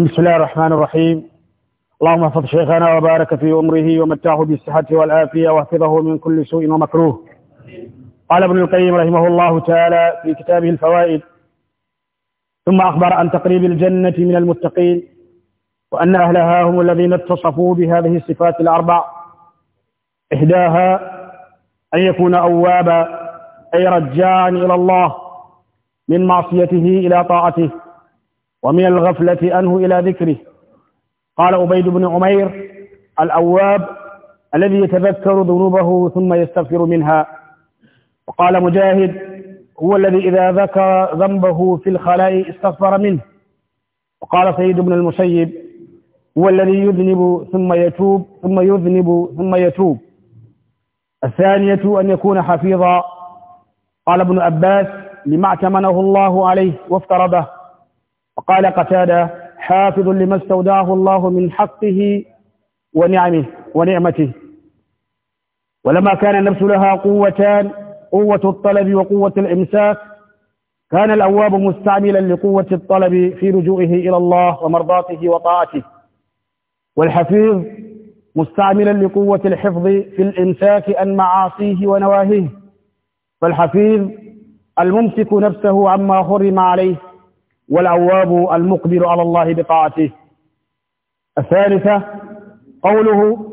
بسم الله الرحمن الرحيم اللهم احفظ شيخنا وبارك في عمره ومتعه بالصحة والعافية واحفظه من كل سوء ومكروه قال ابن القيم رحمه الله تعالى في كتابه الفوائد ثم أخبر عن تقريب الجنة من المتقين وأن أهلها هم الذين اتصفوا بهذه الصفات الأربع إحداها أن يكون أوابا أي رجاعا إلى الله من معصيته إلى طاعته ومن الغفلة أنه إلى ذكره قال أبيد بن عمير الأواب الذي يتذكر ذنوبه ثم يستغفر منها وقال مجاهد هو الذي إذا ذكر ذنبه في الخلاء استغفر منه وقال سيد بن المسيب هو الذي يذنب ثم يتوب ثم يذنب ثم يتوب الثانية أن يكون حفيظا قال ابن عباس لما اعتمنه الله عليه وافترضه قال قتادة حافظ لما استودعه الله من حقه ونعمه ونعمته ولما كان النفس لها قوتان قوة الطلب وقوة الإمساك كان الأواب مستعملا لقوة الطلب في رجوعه إلى الله ومرضاته وطاعته والحفيظ مستعملا لقوة الحفظ في الإمساك عن معاصيه ونواهيه فالحفيظ الممسك نفسه عما حرم عليه والأواب المقبل على الله بطاعته الثالثة قوله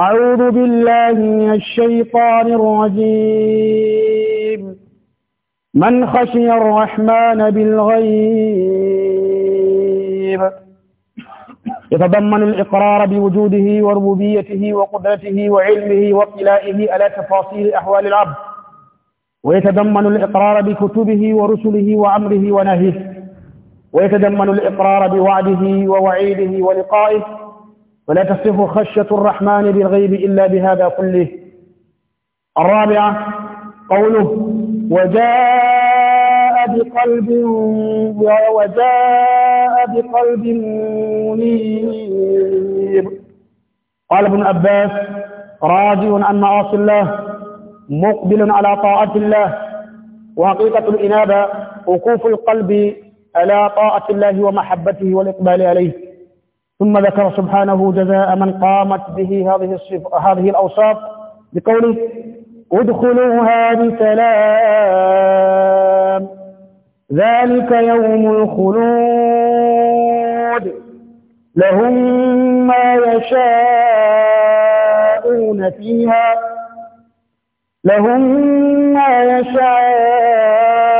أعوذ بالله من الشيطان الرجيم من خشي الرحمن بالغيب يتضمن الإقرار بوجوده وربوبيته وقدرته وعلمه واطلائه على تفاصيل أحوال العبد ويتضمن الإقرار بكتبه ورسله وأمره ونهيه ويتضمن الإقرار بوعده ووعيده ولقائه فلا تصف خشية الرحمن بالغيب إلا بهذا كله الرابعة قوله وجاء بقلب وجاء بقلب منيب قال ابن عباس راجع عن معاصي الله مقبل على طاعة الله وحقيقة الإنابة وقوف القلب ألا طاعة الله ومحبته والإقبال عليه ثم ذكر سبحانه جزاء من قامت به هذه الصف... هذه الأوصاف بقوله ادخلوها بسلام ذلك يوم الخلود لهم ما يشاءون فيها لهم ما يشاءون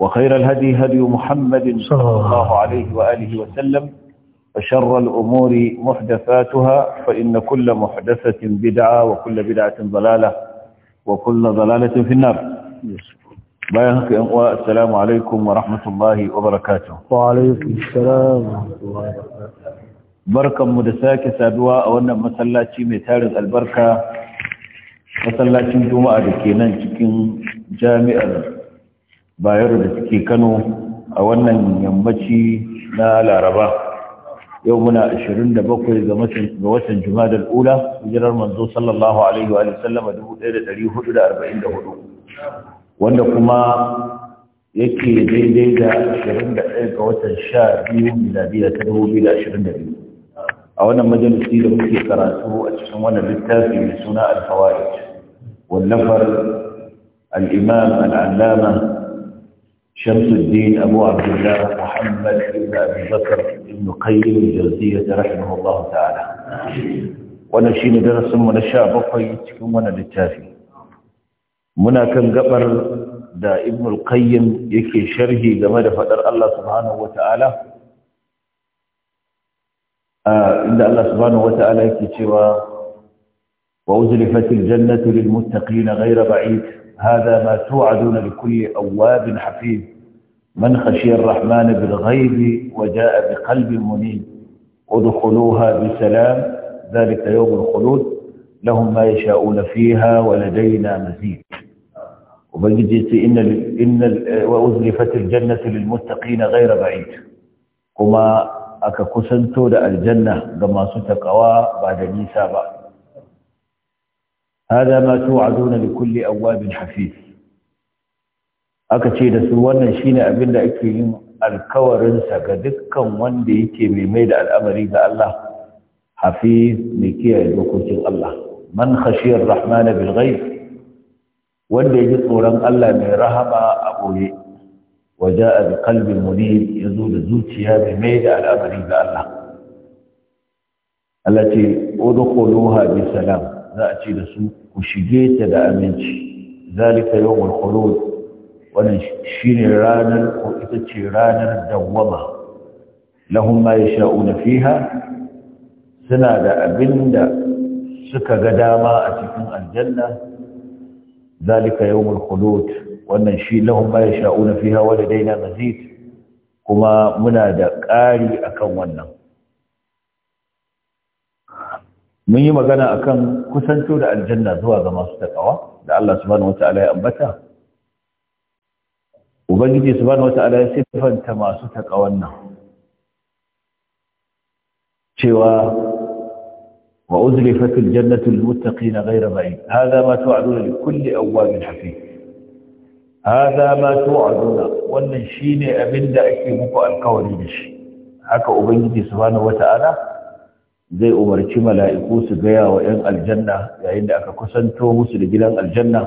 وخير الهدي هدي محمد صلى الله عليه وآله وسلم وشر الأمور محدثاتها فإن كل محدثة بدعة وكل بدعة ضلالة وكل ضلالة في النار بايهك أمواء السلام عليكم ورحمة الله وبركاته وعليكم السلام ورحمة الله وبركاته بركة مدساك سادواء وانا مسلاتي متارز البركة مسلاتي جمعة كينان جامعة bayar da suke kano a wannan yammaci na laraba yau muna 27 ga watan jumadar ula hijirar manzo sallallahu alaihi wa sallama 1444 wanda kuma yake daidai da 21 ga watan 12 miladiya ta 2022 a wannan majalisi da muke karatu a cikin wannan littafi mai suna alfawaid wallafar al-imam شمس الدين أبو عبد الله محمد بن أبي بكر بن قيم الجوزية رحمه الله تعالى ونشين درس من الشعب وقيتكم ونلتافي منا كان قبر دا ابن القيم يكي شرهي كما فدر الله سبحانه وتعالى إن الله سبحانه وتعالى يكي شوى وأزلفت الجنة للمتقين غير بعيد هذا ما توعدون لكل أواب حفيظ من خشي الرحمن بالغيب وجاء بقلب منيب ادخلوها بسلام ذلك يوم الخلود لهم ما يشاءون فيها ولدينا مزيد وبنجد إن ال إن ال وأزلفت الجنة للمتقين غير بعيد كما أكا لأ الجنة كما ستقوا بعد نيسابا hada ma tu'aduna li kulli awwabin hafiz aka ce da su wannan shine abin da ake yin alkawarin sa ga dukkan wanda yake mai mai da al'amari ga Allah hafiz mai kiyaye dokokin Allah man khashiyar rahmana bil wanda ya ji tsoron Allah mai rahama a boye وجاء بقلب منيب يزول زوجها بميل الأمر الله التي أدخلوها بسلام ذاتي لسوء ku shige ta da aminci zalika yawmul khulud wannan ne ranar ko ita ce ranar dawwama lahum ma na fiha suna da abinda suka ga dama a cikin aljanna zalika yawmul khulud wannan shi lahum ma na fiha wa ladaina mazid kuma muna da ƙari akan wannan mun yi magana akan kusanto da aljanna zuwa ga masu takawa da Allah subhanahu wata'ala ya ambata ubangiji subhanahu wata'ala ya sifanta masu takawan nan cewa wa uzlifatil jannatu lil muttaqina ghayra ba'id hadha ma tu'aduna li kulli awwabin hafiz hadha ma tu'aduna wannan shine abinda ake muku alkawari da shi haka ubangiji subhanahu wata'ala zai umarci mala'iku su gaya wa ‘yan aljanna yayin da aka kusanto musu da gidan aljanna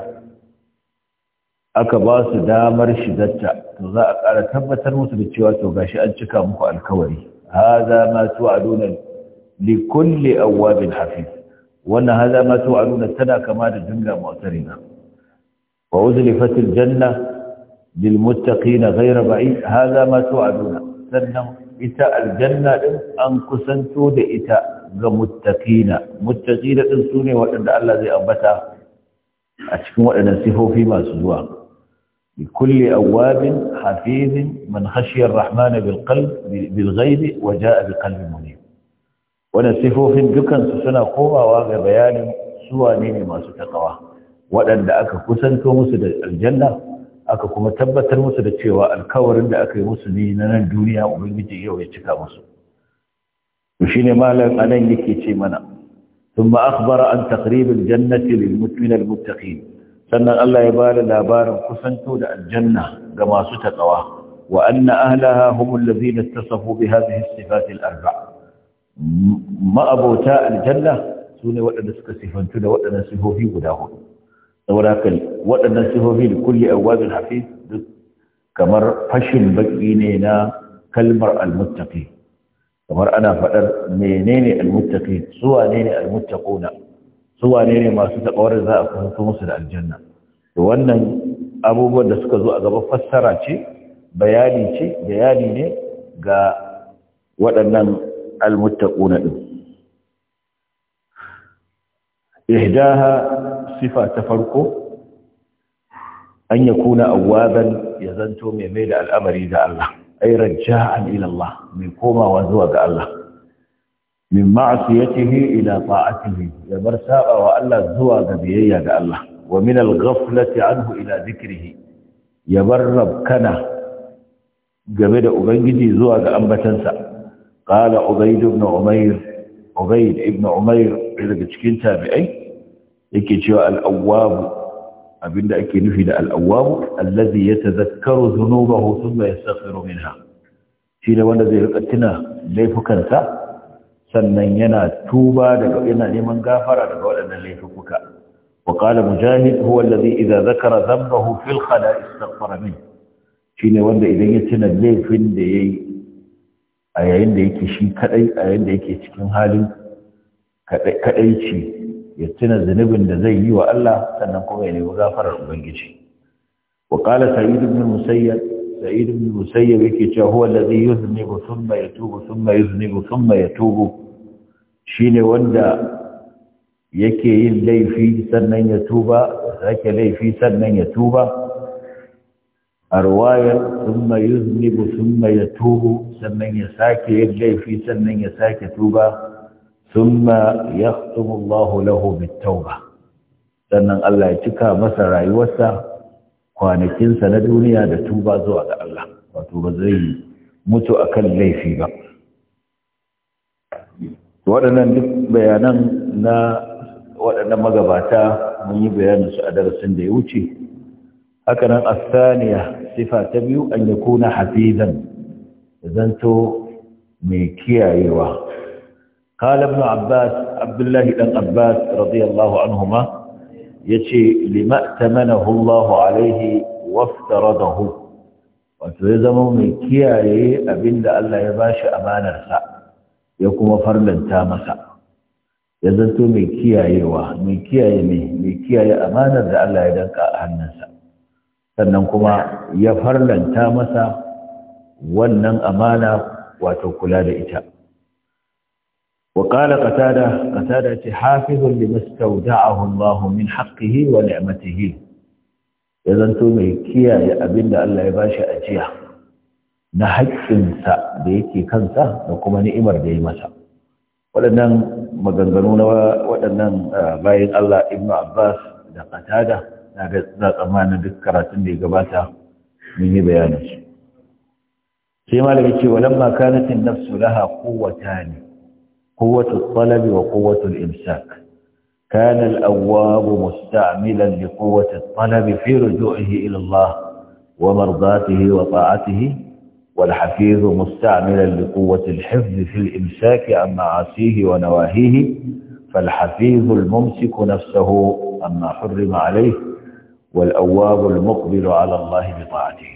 aka ba su damar shigarta to za a ƙara tabbatar musu da cewa to gashi an cika muku alkawari haza ma tu'aduna li kulli awwabin hafiz wannan haza ma tu'aduna tana kama da jumla mu'tarina wa uzlifat aljanna lil muttaqina ghayra ba'id haza ma tu'aduna sannan ita aljanna din an kusanto da ita ga muttaqina muttaqina sune waɗanda Allah zai ambata a cikin waɗannan sifofi masu zuwa bi kulli awabin hafizin man khashiya ar-rahmana bil qalb bil wa jaa munib wannan sifofin dukan su suna komawa ga bayanin suwa ne masu takawa waɗanda aka kusanto musu da aljanna aka kuma tabbatar musu da cewa alkawarin da aka yi musu ne na nan duniya ubangiji yau ya cika musu to shine malam anan yake ce mana thumma akhbara an takribin jannati lil mu'minin sannan Allah ya bada labarin kusanto da aljanna ga masu taqwa wa anna ahlaha hum alladhina ittasafu bi hadhihi as arba' ma abota aljanna sune waɗanda suka sifantu da waɗannan sifofi guda hudu saboda haka waɗannan sifofi da kulli awwabin hafiz duk kamar fashin baƙi ne na kalmar almuttaqi kamar ana faɗar menene almuttaqi su wane ne almuttaquna su wane ne masu takawar za a kusanto musu da aljanna to wannan abubuwan da suka zo a gaba fassara ce bayani ce bayani ne ga waɗannan almuttaquna din ihdaha sifa ta farko an yakuna awwaban ya zanto mai mai da al'amari da Allah ay raja'an ila Allah mai komawa zuwa ga Allah min ma'siyatihi ila ta'atihi ya bar saba wa Allah zuwa ga biyayya ga Allah wa min al-ghaflati anhu ila dhikrihi ya bar rabkana game da ubangiji zuwa ga ambatansa qala ubayd ibn umayr ubayd ibn umayr daga cikin tabi'ai yake cewa al-awwab abinda ake nufi da al'awwabu allazi ya tazakkaru ya thumma yastaghfiru minha shi ne wanda zai rika tuna laifukansa sannan yana tuba daga yana neman gafara daga waɗannan laifuka wa qala mujahid huwa allazi idza zakara dhanbahu fil khala istaghfara min shi ne wanda idan ya tuna laifin da yayi a yayin da yake shi kadai a yayin da yake cikin halin kadaici ya tuna zunubin da zai yi wa Allah sannan kuma ya nemi gafarar ubangiji wa qala sa'id ibn musayyib sa'id ibn musayyib yake cewa huwa alladhi yuznibu thumma yatubu thumma yuznibu thumma yatubu shine wanda yake yin laifi sannan ya tuba sake laifi sannan ya tuba a ruwayar thumma yuznibu thumma yatubu sannan ya sake yin laifi sannan ya sake tuba ثم يختم الله له بالتوبة sannan Allah ya cika masa rayuwarsa kwanakinsa na duniya da tuba zuwa ga Allah wato ba zai mutu akan laifi ba waɗannan duk bayanan na waɗannan magabata mun yi bayanin su a darasin da ya wuce haka nan asaniya sifa ta biyu an yakuna hafizan zanto mai kiyayewa قال ابن عباس عبد الله بن عباس رضي الله عنهما يشي لما ائتمنه الله عليه وافترضه وتزمو من كياي أبن الله يباشي أمان الرساء يكما فرلا تامسا يزنتو من كياي واه من كياي من كياي أمانا الله يدنك أهنسا sannan kuma ya farlanta masa wannan amana wato kula da ita وقال قتادة قتادة حافظ لما استودعه الله من حقه ونعمته إذن تومي كيا يا أبن الله يباشا أجيا نحق إنسا بيكي كنسا نقوم نئمر دي مسا ولنن مغنغنون ولنن باين الله ابن عباس da قتادة na tsammanin duk karatun da ya gabata mun yi bayanin shi sai malami ce walamma kanatin nafsu laha quwwatan قوة الطلب وقوة الإمساك كان الأواب مستعملا لقوة الطلب في رجوعه إلى الله ومرضاته وطاعته والحفيظ مستعملا لقوة الحفظ في الإمساك عن معاصيه ونواهيه فالحفيظ الممسك نفسه عما حرم عليه والأواب المقبل على الله بطاعته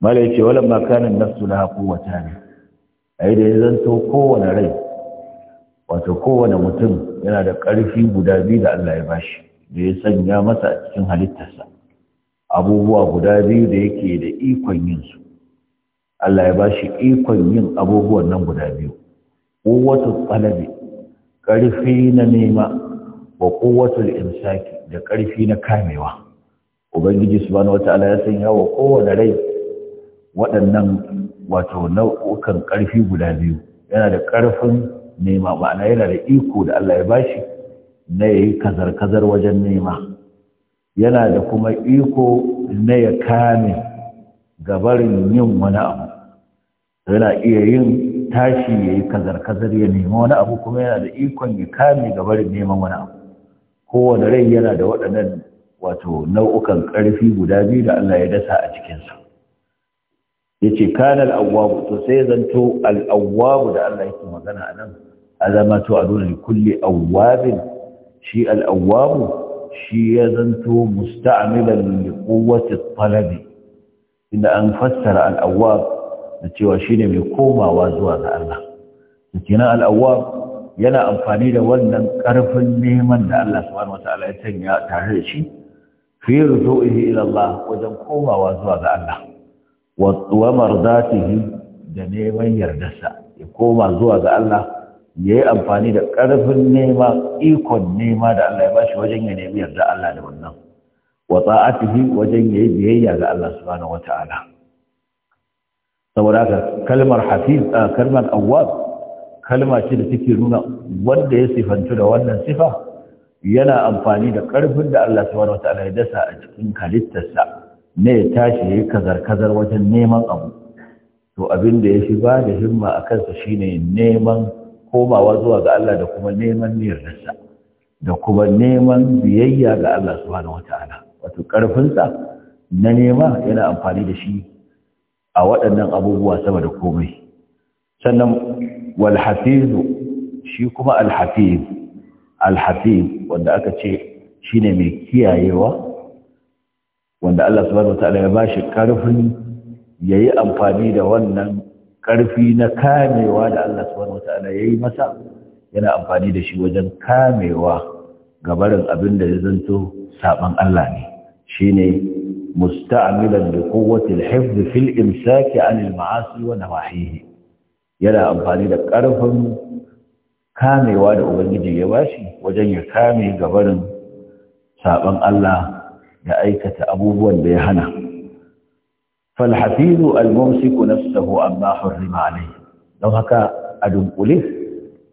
ما ليت ولما كان النفس لها قوة ثانية أي إذا أنتم قوة rai wato kowane mutum yana da ƙarfi guda biyu da Allah ya bashi da ya sanya masa a cikin halittarsa abubuwa guda biyu da yake da ikon yin su Allah ya bashi ikon yin abubuwan nan guda biyu quwwatu talabi ƙarfi na nema wa quwwatu imsaki da ƙarfi na kamewa ubangiji subhanahu Ta'ala ya sanya wa kowane rai waɗannan wato nau'ukan ƙarfi guda biyu yana da ƙarfin nema ma'ana yana da iko da Allah ya bashi na ya yi kazar-kazar wajen nema yana da kuma iko na ya kame gabarin yin wani abu yana iya yin tashi ya yi kazar-kazar ya nema wani abu kuma yana da ikon ya kame gabarin neman wani abu kowane rai yana da waɗannan wato nau'ukan ƙarfi guda biyu da Allah ya dasa a cikinsa ya ce sosai awwabu to sai zanto al'awwabu da Allah yake magana a nan ألا ما توعدون لكل أواب شيء الأواب شيء ذنته مستعملا لقوة الطلب إن أن فسر الأواب نتي وشين بيقوم وازوان الله نتينا الأواب ينا أنفاني لولا كرف النيمان الله سبحانه وتعالى يتنيا تعريشي في رجوعه إلى الله وجمقوم وازوان الله ومرضاته دنيما يردسا يقوم وازوان الله ya yi amfani da ƙarfin nema ikon nema da Allah ya bashi wajen ya nemi yarda Allah da wannan wa ta'atihi wajen ya yi biyayya ga Allah subhanahu wata'ala saboda haka kalmar hafiz a kalmar awwab kalma ce da take nuna wanda ya sifantu da wannan sifa yana amfani da ƙarfin da Allah subhanahu wata'ala ya dasa a cikin halittarsa na ya tashi ya yi kazar-kazar wajen neman abu to abin da ya fi ba da himma a kansa shine neman komawa zuwa ga Allah da kuma neman yardarsa da kuma neman biyayya ga Allah subhanahu wataala wato karfinsa na nema yana amfani da shi a waɗannan abubuwa sama da komai sannan walhafizu shi kuma al hafiz wanda aka ce shine mai kiyayewa wanda Allah subhanahu wataala ya bashi karfin yayi amfani da wannan ƙarfi na kamewa da Allah subhanahu ya yi masa yana amfani da shi wajen kamewa gabarin abin da ya zanto saban Allah ne shi ne musta'amilan da kowatin haifzu fil imsaki an ma'asi wa nawahihi yana amfani da ƙarfin kamewa da ubangiji ya bashi wajen ya kame gabarin saban Allah da aikata abubuwan da ya hana falhafizu almumsiku nafsahu amma hurrima alayhi don haka a dunkule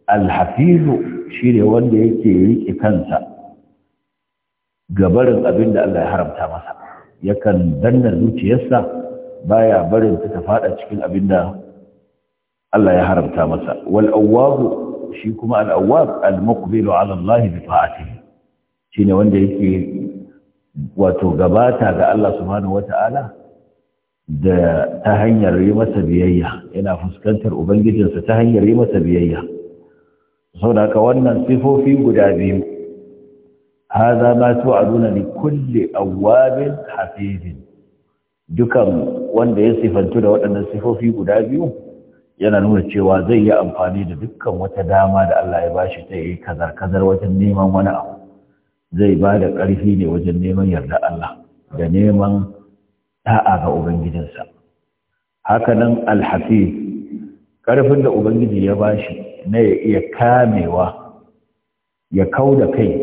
alhafizu shine wanda yake rike kansa gabarin abin da Allah ya haramta masa yakan danna zuciyarsa baya barin ta fada cikin abin da Allah ya haramta masa wal awwabu shi kuma Al-Awwab al-muqbilu ala Allah bi ta'atihi shine wanda yake wato gabata ga Allah subhanahu wata'ala da ta hanyar yi masa biyayya yana fuskantar ubangijinsa ta hanyar yi masa biyayya saboda haka wannan sifofi guda biyu haza ma su a nuna ni kulle awabin hafizin dukan wanda ya sifantu da waɗannan sifofi guda biyu yana nuna cewa zai yi amfani da dukkan wata dama da Allah ya bashi ta yi kazar-kazar wajen neman wani abu zai ba da ƙarfi ne wajen neman yarda Allah da neman da'a ga ubangijinsa hakanan alhafi karfin da ubangiji ya bashi na ya iya kamewa ya kau da kai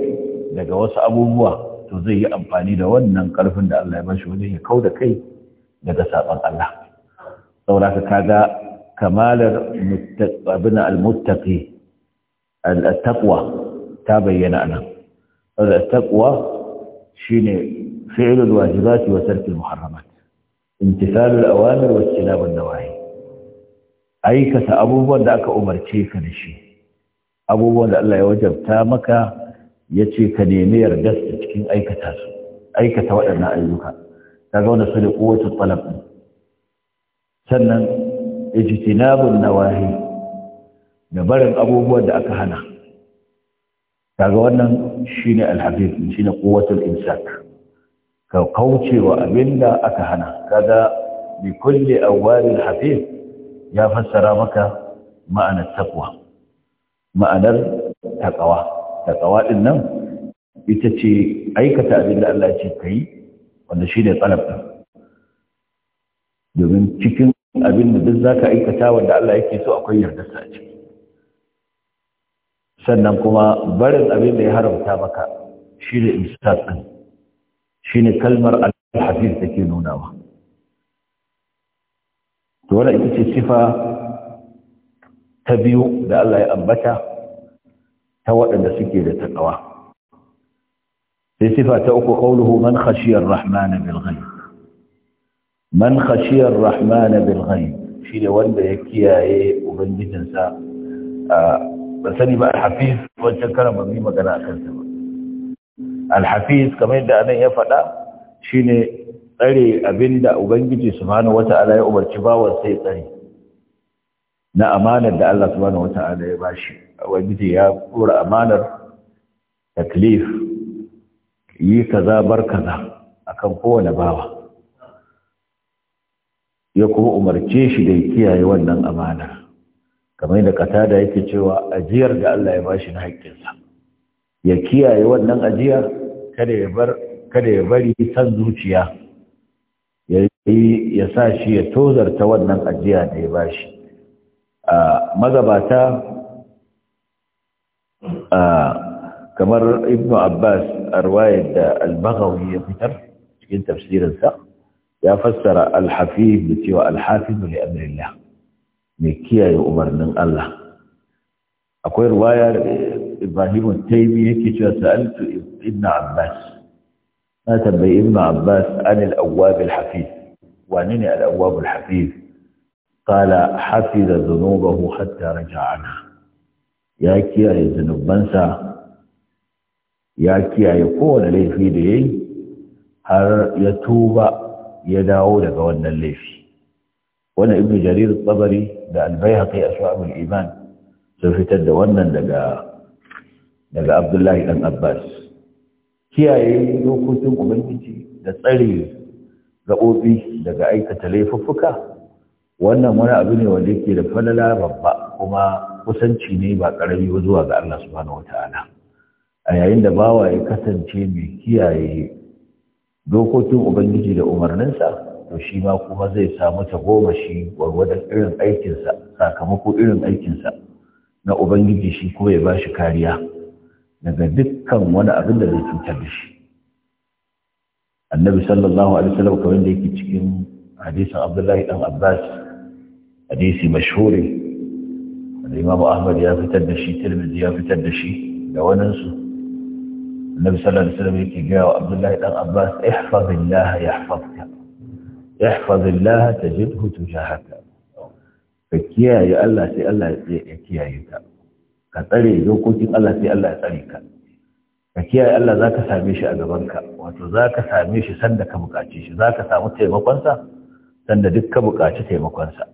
daga wasu abubuwa to zai yi amfani da wannan karfin da Allah ya wajen ya kau da kai daga saban Allah saboda kaga kamalar abin al-muttaqi al-taqwa ta bayyana nan al-taqwa shine fi'lul wajibati wa sarkin muharramat imtisalul awamir wa istinabun nawahi aikata abubuwan da aka umarce ka da shi abubuwan da Allah ya wajabta maka ya ce ka nemi yardar cikin aikata su aikata waɗannan ayyuka kaga wanda su da talab sannan ijtinabun nawahi da barin abubuwan da aka hana kaga wannan shine alhabib shine quwwatul imsak ka kauce wa abin da aka hana kada bi kulli awwalin hafiz ya fassara maka ma'anar taqwa ma'anar taqwa taqwa din nan ita ce aikata abin da Allah ya ce kai wanda shine talab domin cikin abin da duk zaka aikata wanda Allah yake so akwai yarda sa ci. sannan kuma barin abin da ya haramta maka shi ne imsaq ɗin shine kalmar al-hafiz ke nunawa to wannan ita ce sifa ta biyu da Allah ya ambata ta waɗanda suke da takawa sai sifa ta uku qawluhu man khashiya ar-rahmana man khashiya ar-rahmana bil shine wanda ya kiyaye ubangijinsa a ah, ba sani ba al-hafiz wancan karan magana a kansa ba alhafiz kamar yadda anan ya faɗa shine tsare abinda ubangiji subhanahu wata'ala ya umarci bawan sai tsare na amanar da Allah subhanahu wata'ala ya bashi ubangiji ya kura amanar taklif yi kaza bar kaza akan kowane bawa ya kuma umarce shi da ya kiyaye wannan amanar kamar yadda katada yake cewa ajiyar da Allah ya bashi na haƙƙinsa ya kiyaye wannan ajiya kada ya bari san zuciya ya ya sa shi ya tozarta wannan ajiya da ya bashi a magabata a kamar ibnu abbas arwayar da al-baghawi ya fitar cikin tafsirinsa ya fassara al-hafiz da cewa al-hafiz li mai kiyaye umarnin Allah akwai ruwaya ابراهيم التيمي يكي شو سألت ابن عباس ما تبي ابن عباس عن الأواب الحفيظ وعنني الأواب الحفيظ قال حفظ ذنوبه حتى رجع عنها يا كي يا ذنوب بنسا يا كي يا يقول لي في دي هل يتوب يدعو لقوان الليفي وانا ابن جرير الطبري ده البيهقي أسواق الإيمان سوف تدونا لقوان daga abdullahi dan abbas kiyaye dokokin ubangiji da tsare gaɓoɓi daga aikata laifuffuka wannan wani abu ne wanda yake da falala babba kuma kusanci ne ba ƙarami ba zuwa ga Allah subhanahu wata'ala a yayin da bawa ya kasance mai kiyaye dokokin ubangiji da umarninsa to shi ma kuma zai samu tagomashi gwargwadon irin aikinsa sakamako irin aikinsa na ubangiji shi kuma ya ba shi kariya daga dukkan wani abin da zai cutar da shi annabi sallallahu alaihi wasallam kamar da yake cikin hadisin abdullahi dan abbas hadisi mashhuri da imam ahmad ya fitar da shi tirmidhi ya fitar da shi da waninsu annabi sallallahu alaihi wasallam yake gaya wa abdullahi dan abbas ihfazillah yahfazka ihfazillah tajidhu tujahaka ka kiyaye Allah sai Allah ya kiyaye ka ka tsare dokokin Allah sai Allah ya tsare ka ka kiyaye Allah za ka same shi a gaban ka. wato za ka same shi sanda ka buƙaci shi za ka samu taimakonsa sanda duk ka buƙaci taimakonsa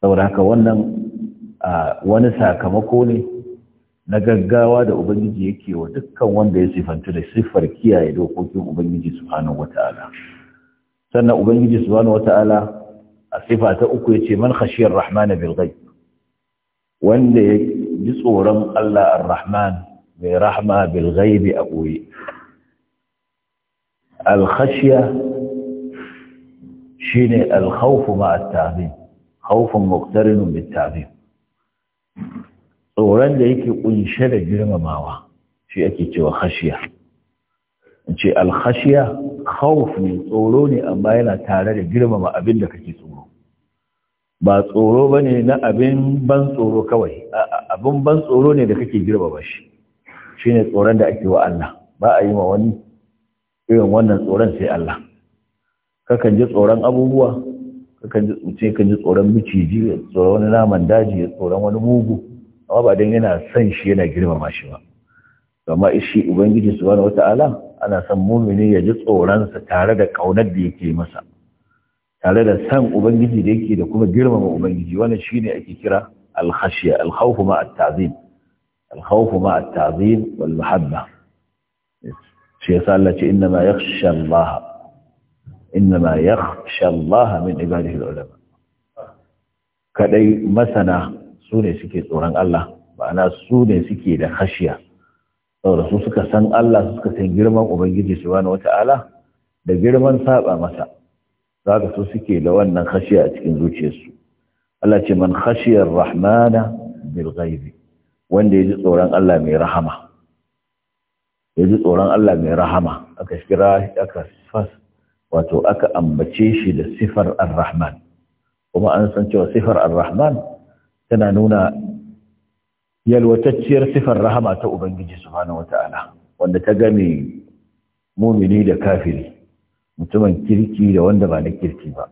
saboda haka wannan wani sakamako ne na gaggawa da Ubangiji yake wa dukkan wanda ya sifantu da siffar kiyaye dokokin Ubangiji subhanahu wata'ala sannan Ubangiji subhanahu wata'ala a sifa ta uku yace man khashiyar rahmana bil ghaib wanda ya ji tsoron Allah ar-Rahman mai rahma bil ghaibi a ɓoye. Al-khashiya shi ne al-khawfu ma'a ta'zim, khawfun ta'zim. Tsoron da yake kunshe da girmamawa shi ake cewa khashiya. ce al-khashiya khawf ne tsoro ne amma yana tare da girmama abin da kake tsoro. ba tsoro ba ne na abin ban tsoro kawai abin ban tsoro ne da kake ba shi shi ne tsoron da ake wa Allah ba a yi wa wani irin wannan tsoron sai Allah kakan ji tsoron abubuwa kakan ji kan ji tsoron miciji tsoron wani naman daji tsoron wani mugu amma ba don yana son shi yana girma girmama shi ba amma shi ubangiji su wata ala? ana son mumini ya ji tsoronsa tare da kaunar da yake masa tare da san ubangiji da yake da kuma girmama ubangiji wannan shine ake kira al-khashiya ma at-ta'zim al ma at-ta'zim wal mahabba shi yasa Allah ce inna ma yakhsha Allah inna ma yakhsha Allah min ibadihi al-ulama kadai masana su ne suke tsoron Allah ma'ana su ne suke da khashiya saboda su suka san Allah su suka san girman ubangiji subhanahu wata'ala da girman saba masa za ka so suke da wannan khashiya a cikin zuciyarsu Allah ce man khashiyar rahmana bil ghaibi wanda ya ji tsoron Allah mai rahama ya ji tsoron Allah mai rahama aka kira aka fas wato aka ambace shi da sifar ar-rahman kuma an san cewa sifar ar-rahman tana nuna yalwatacciyar sifar rahama ta ubangiji subhanahu wata'ala wanda ta game mumini da kafiri mutumin kirki da wanda ba na kirki ba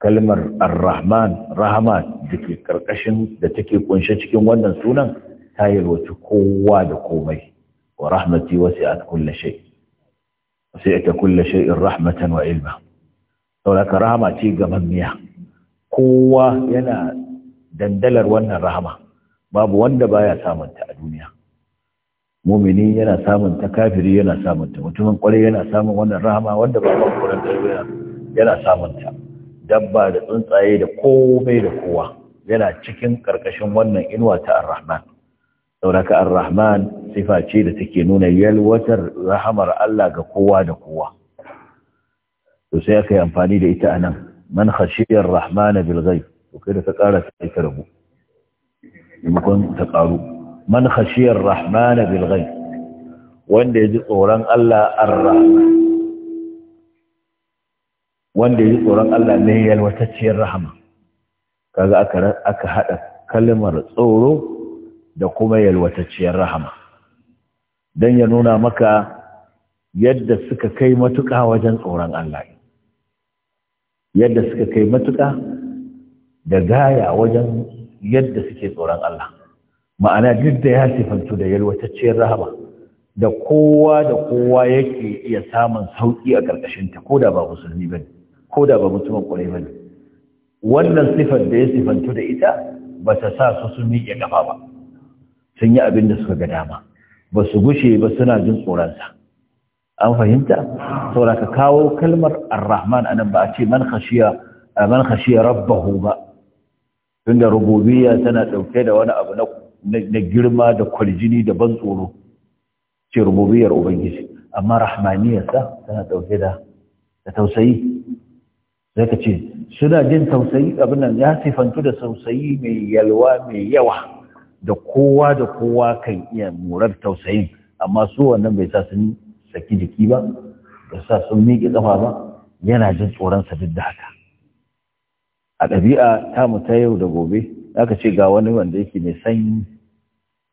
kalmar ar-rahman rahman da ke karkashin da take kunshe cikin wannan sunan ta yalwaci kowa da komai wa rahmati kulle kulli shay wasi'at kulli shay'in rahmatan wa ilma Rahma rahama ce miya. kowa yana dandalar wannan rahama babu wanda baya samunta a duniya mumini yana samun ta kafiri yana samun ta mutumin kwarai yana samun wannan rahama wanda ba kwarar yana yana samun ta dabba da tsuntsaye da komai da kowa yana cikin karkashin wannan inuwa ta ar-rahman sauraka ar-rahman sifa ce da take nuna yalwatar rahamar Allah ga kowa da kowa to sai aka yi amfani da ita anan man khashiyar rahmana bil ghaib to kai da ta ƙara sai ka rabu maimakon ta ƙaru man khashiyar rahmana bil ghaib wanda yaji tsoron Allah ar-rahman wanda yaji tsoron Allah ne yalwatacciyar rahama kaga aka aka hada kalmar tsoro da kuma yalwatacciyar rahama dan ya nuna maka yadda suka kai matuƙa wajen tsoron Allah yadda suka kai matuƙa da gaya wajen yadda suke tsoron Allah ma'ana duk da ya sifantu da yalwatacciyar rahama da kowa da kowa yake iya samun sauƙi a ƙarƙashinta ko da ba musulmi ba ko da ba mutumin ƙwarai ba ne wannan sifar da ya sifantu da ita ba ta sa su sun miƙe gaba ba sun yi abin da suka ga dama ba su gushe ba suna jin tsoronsa an fahimta saboda ka kawo kalmar arrahman anan ba a ce man khashiya man khashiya rabbahu ba tunda rububiyya tana dauke da wani abu na na girma da kwaljini da ban tsoro ce rububiyar ubangiji amma rahmaniyarsa tana ɗauke da tausayi zai ka ce suna jin tausayi abinan ya sifantu da tausayi mai yalwa mai yawa da kowa da kowa kan iya murar tausayin amma su wannan bai sa sun saki jiki ba da sa sun miƙi ƙafa ba yana jin tsoronsa duk da haka a ɗabi'a ta mu ta yau da gobe aka ce ga wani wanda yake mai sanyi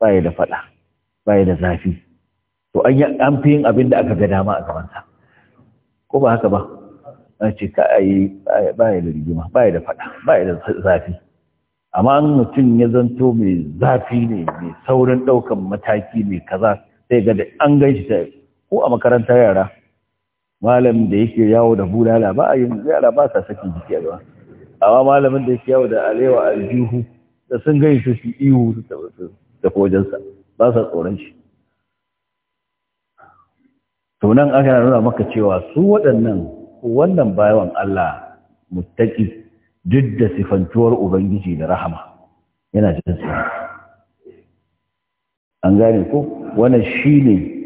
baya da fada baya da zafi to an fi yin abin da aka ga dama a sa. ko ba haka ba an ce ka ba baya da rigima baya da fada baya da zafi amma mutum ya zanto mai zafi ne mai saurin daukan mataki mai kaza sai ga da an gan shi ko a makarantar yara malam da yake yawo da bulala ba a yin yara ba sa sakin jiki a gabansa amma malamin da yake yawo da alewa aljihu da sun gani su su ihu su tafi ba sa tsoron shi to nan aka nuna maka cewa su waɗannan wannan bayan Allah muttaki duk da sifantuwar ubangiji da rahama yana jin su an gane ko wannan shine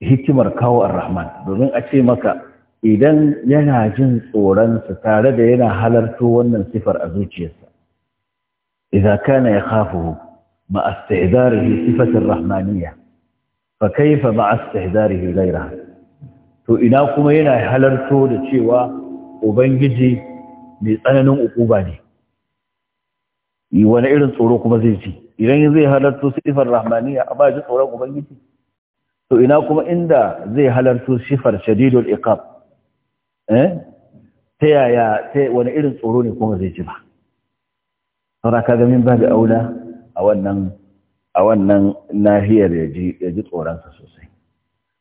hikimar kawo ar-rahman domin a ce maka idan yana jin tsoronsa tare da yana halarto wannan sifar a zuciyarsa idza kana yakhafuhu ma istihdarihi sifat ar-rahmaniyya fa kaifa ma istihdarihi ghayraha to ina kuma yana halarto da cewa ubangiji mai tsananin ukuba ne wani irin tsoro kuma zai ji idan zai halarto sifar rahmaniyya a ba ji tsoron ubangiji to ina kuma inda zai halarto sifar shadidul iqab ta yaya wani irin tsoro ne kuma zai ji ba saura ka ga min babu aula a wannan a wannan nahiyar ya ji ya ji tsoronsa sosai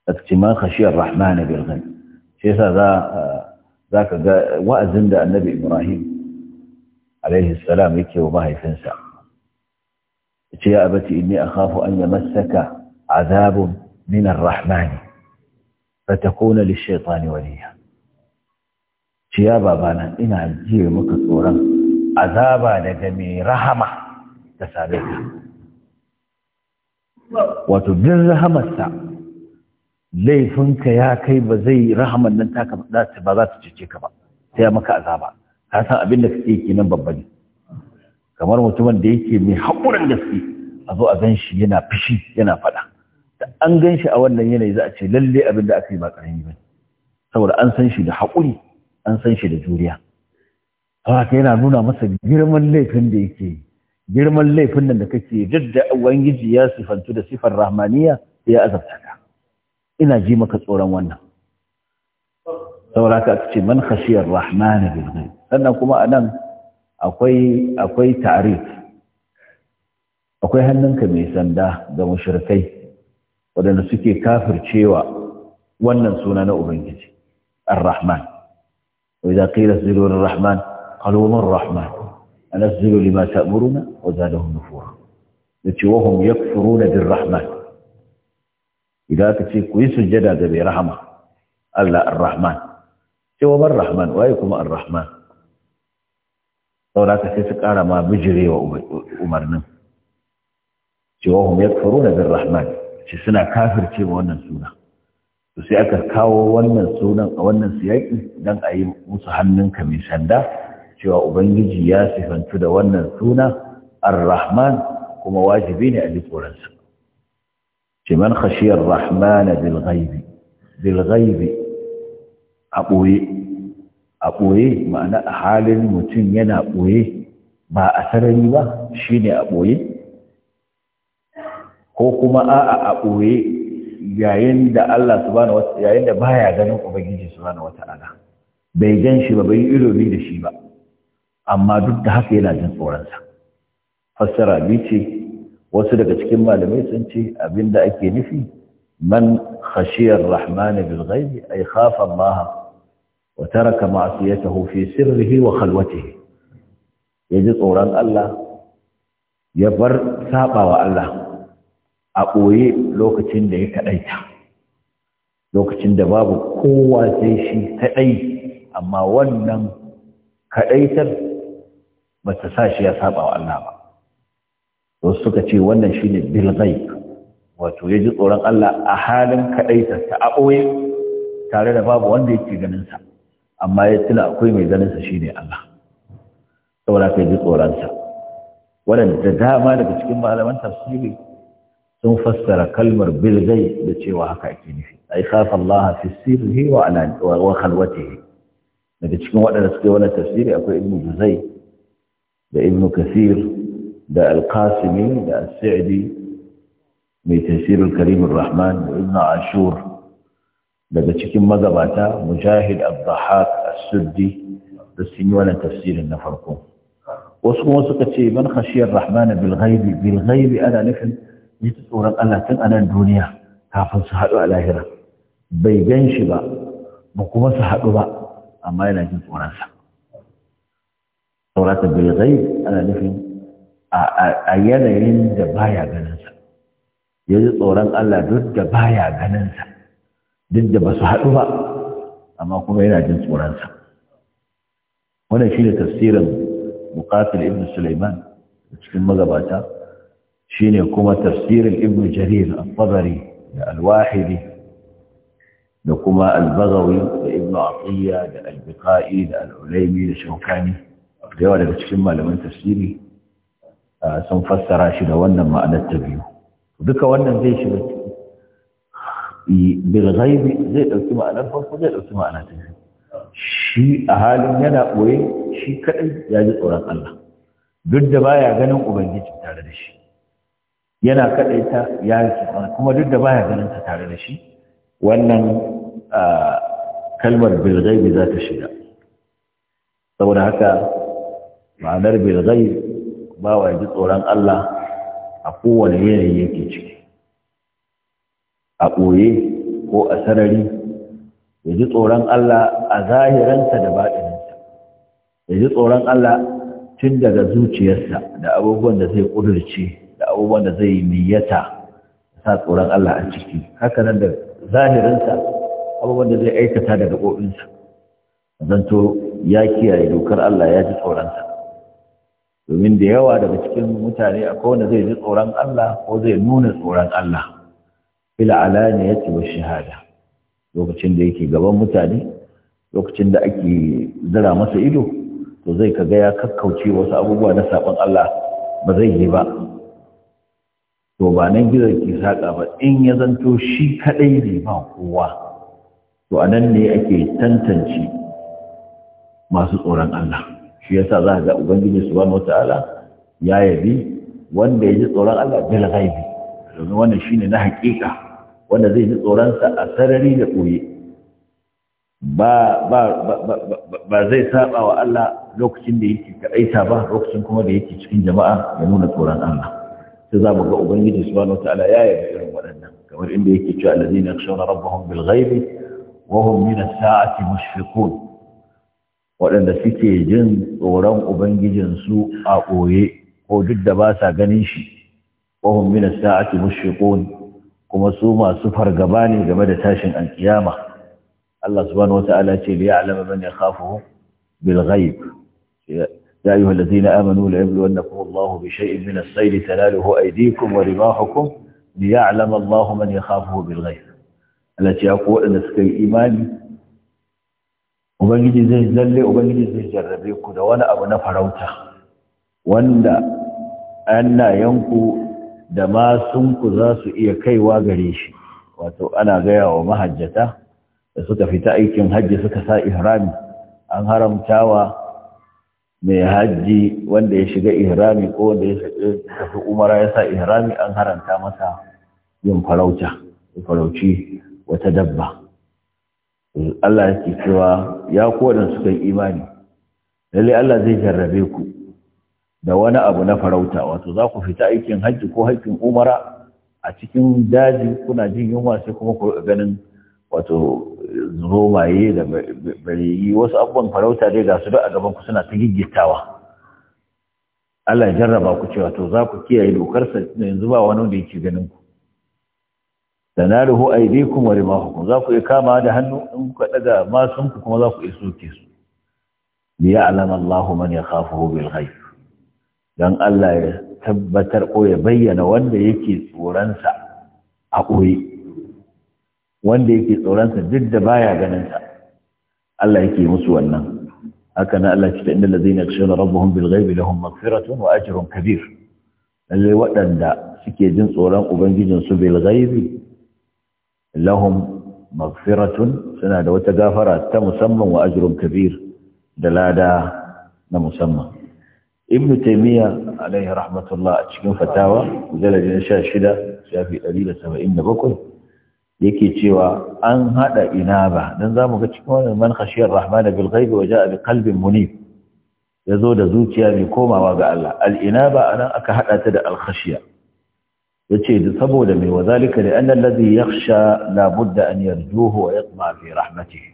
a cikin man khashiyar rahman bil ghaib shi yasa za za ka ga wa'azin da annabi ibrahim alaihi salam yake wa mahaifinsa yace ya abati inni akhafu an yamassaka azabun min ar-rahman fatakuna lish-shaytani waliya ce ya babana ina jiye maka tsoron azaba daga mai rahama ta same ka wato din rahamarsa laifinka ya kai ba zai rahamar nan taka ba za ta cece ka ba sai maka azaba ka san abin da kake kenan babba ne kamar mutumin da yake mai haƙurin gaske a zo a gan shi yana fishi yana faɗa da an gan shi a wannan yanayi za a ce lalle abin da aka yi ba ƙarami ba saboda an san shi da haƙuri an san shi da juriya haka yana nuna masa girman laifin da yake girman laifin nan da kake duk da ubangiji ya sifantu da sifar rahmaniya ya azabta ka ina ji maka tsoron wannan sauraka ce man khashiyar rahmani bil sannan kuma anan akwai akwai ta'rif akwai hannunka mai sanda ga mushrikai waɗanda suke kafircewa wannan suna na ubangiji ar-rahman وإذا قيل اسجدوا للرحمن قالوا من الرحمن أنزل لما تأمرنا وزادهم نفورا وهم يكفرون بالرحمن إذا تشيكوا يسجد ذبي رحمة ألا الرحمن شو من الرحمن وأيكم الرحمن صلاة تشيك أنا ما بجري وأمرنا وهم يكفرون بالرحمن سنة كافر شو وأنا سنه to sai aka kawo wannan sunan a wannan siyaki don a yi musu hannunka mai sanda cewa ubangiji ya sifantu da wannan suna ar-rahman kuma wajibi ne a ji tsoronsa ce man khashiyar rahman bil ghaibi bil a ɓoye ma'ana a halin mutum yana ɓoye ba a sarari ba shine a ɓoye ko kuma a'a a ɓoye yayin da Allah subhanahu wa yayin da baya ganin ubangiji subhanahu wata'ala bai gan shi ba bai ilimi da shi ba amma duk da haka yana jin tsoron sa fassara bi ce wasu daga cikin malamai sun ce abinda ake nufi man khashiya ar-rahman bil ghaibi ay khafa Allah wa taraka ma'siyatahu fi sirrihi wa khalwatihi yaji tsoron Allah ya bar saba wa Allah a ɓoye lokacin da ya kaɗaita lokacin da babu kowa sai shi kaɗai amma wannan kaɗaitar ba ta sa shi ya saba wa Allah ba wasu suka ce wannan shi ne bilgaik wato ya ji tsoron Allah a halin ta a ɓoye tare da babu wanda yake sa amma ya tuna akwai mai ganinsa shi ne Allah saboda ka ji tsoronsa waɗanda dama daga cikin malaman tafsiri sun fassara kalmar bilgai da cewa haka ake nufi ai khafa Allah fi sirrihi wa ala wa khalwatihi daga cikin waɗanda suke wani tafsiri akwai ibnu zai da ibnu kasir da al-qasimi da as-sa'di mai tafsirul karim rahman da ibnu ashur daga cikin magabata mujahid abdahak as-suddi da sun yi tafsirin na farko wasu kuma suka ce man khashiyar rahmana bil ghaibi bil ghaibi ana nufin Yi ta tsoron Allah tun a nan duniya kafin su haɗu a lahira bai gan shi ba ba kuma su haɗu ba amma yana jin tsoronsa bai zai ana nufin a yanayin da baya ganinsa ya ji tsoron Allah duk da baya ganinsa duk da ba su haɗu ba amma kuma yana jin tsoronsa wannan shi ne tafsirin mukatil ibn Sulaiman cikin magabata shine kuma tafsirin ibn jarir al-tabari da al-wahidi da kuma al-bazawi da ibn atiyya da al-biqai da al-ulaymi da shaukani yawa daga cikin malaman tafsiri sun fassara shi da wannan ma'anar ta biyu duka wannan zai shiga bil ghaibi zai dauki ma'anar farko zai dauki ma'anar ta biyu shi a halin yana ɓoye, shi kadai ya ji tsoron Allah duk da baya ganin ubangiji tare da shi yana kadaita ya yi kuma duk da baya ganin ta tare da shi wannan kalmar bilgaibi za ta shiga saboda haka ma'anar bilgai ba wa ji tsoron Allah a kowane yanayi yake ciki a ɓoye ko a sarari ya ji tsoron Allah a zahiransa da baɗininsa ya ji tsoron Allah tun daga zuciyarsa da abubuwan da zai ƙudurce abubuwan da zai niyyata sa tsoron Allah a ciki haka nan da zahirinsa abubuwan da zai aikata da gaɓoɓinsa to ya kiyaye dokar Allah ya ji tsoronsa domin da yawa daga cikin mutane a kowane zai ji tsoron Allah ko zai nuna tsoron Allah fila alani ya ce shahada lokacin da yake gaban mutane lokacin da ake zira masa ido to zai kaga ya kakkauce wasu abubuwa na saɓon Allah ba zai yi ba to ba nan gizo ke saƙa ba in ya zanto shi kaɗai ne ba kowa to a nan ne ake tantance masu tsoron Allah shi yasa za ga ubangiji subhanahu ta'ala? ya yabi wanda ya ji tsoron Allah bil ghaibi domin wannan shine na haƙiƙa wanda zai ji tsoron sa a sarari da koyi ba ba ba zai saba wa Allah lokacin da yake kaɗaita ba lokacin kuma da yake cikin jama'a ya nuna tsoron Allah ta za mu ga ubangiji subhanahu wataala ya yarda irin waɗannan kamar inda yake cewa da yakhshawna rabbahum bil ghaibi wa hum min as-sa'ati mushfiqun waɗanda suke jin tsoron ubangijinsu a ɓoye ko duk da ba sa ganin shi wa hum saati mushfiqun kuma su masu fargaba ne game da tashin alkiyama Allah subhanahu wataala ce liya alama man yakhafuhu bil يا أيها الذين آمنوا ليبلونكم الله بشيء من الصيد تناله أيديكم ورماحكم ليعلم الله من يخافه بالغيب التي يقول أن سكي إيماني Ubangiji zai zalle Ubangiji zai jarrabe ku da wani abu na farauta wanda annayenku da masunku za su iya kaiwa gare shi wato ana gaya wa mahajjata da suka fita aikin hajji suka sa ihrami an haramtawa mai hajji wanda ya shiga ihrami ko wanda ya tafi umara ya sa ihrami an haranta masa yin farauta farauci wata dabba Allah ya ce cewa ya kodan su yi imani lalle Allah zai jarrabe ku da wani abu na farauta wato za ku fita aikin hajji ko aikin umara a cikin daji kuna jin yunwa sai kuma ku ganin wato zomaye da bareyi wasu abubuwan farauta dai ga su da a gaban ku suna ta giggitawa Allah ya jarraba ku cewa to za ku kiyaye dokar sa yanzu ba wani da yake ganin ku tanaruhu aydikum wa rimahukum za ku iya kama da hannu in kuka daga masun ku kuma za ku iya soke su bi alama Allahu man khafuhu bil ghaib dan Allah ya tabbatar ko ya bayyana wanda yake tsoron sa a koyi wanda yake tsoronsa duk da baya ganin sa Allah yake musu wannan haka na Allah ce inda na yakshawna rabbuhum bil ghaibi lahum maghfiratun wa ajrun kabir lalle waɗanda suke jin tsoron ubangijin su bil ghaibi lahum maghfiratun suna da wata gafara ta musamman wa ajrun kabir da lada na musamman ibnu taymiya alaihi rahmatullah a cikin fatawa zalal 16 shafi 177 yake cewa an hada inaba dan zamu ga cikin wannan man khashiyar rahman bil ghaibi wa kalbin bi qalbin Ya zo da zuciya mai komawa ga Allah al a nan aka hada ta da al Ya yace da saboda mai wazalika da annal ya sha la budda an yarjuhu wa yatma fi rahmatihi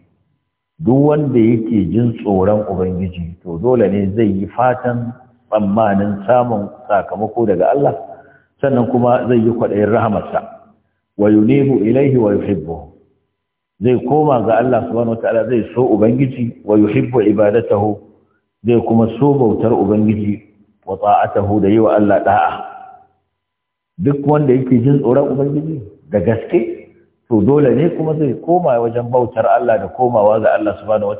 duk wanda yake jin tsoron ubangiji to dole ne zai yi fatan tsammanin samun sakamako daga Allah sannan kuma zai yi kwaɗayin rahamarsa wa yunibu ilaihi wa yuhibbu zai koma ga Allah subhanahu zai so ubangiji wa yuhibbu ibadatahu zai kuma so bautar ubangiji wa ta'atahu da yi wa Allah da'a duk wanda yake jin tsoron ubangiji da gaske to dole ne kuma zai koma wajen bautar Allah da komawa ga Allah subhanahu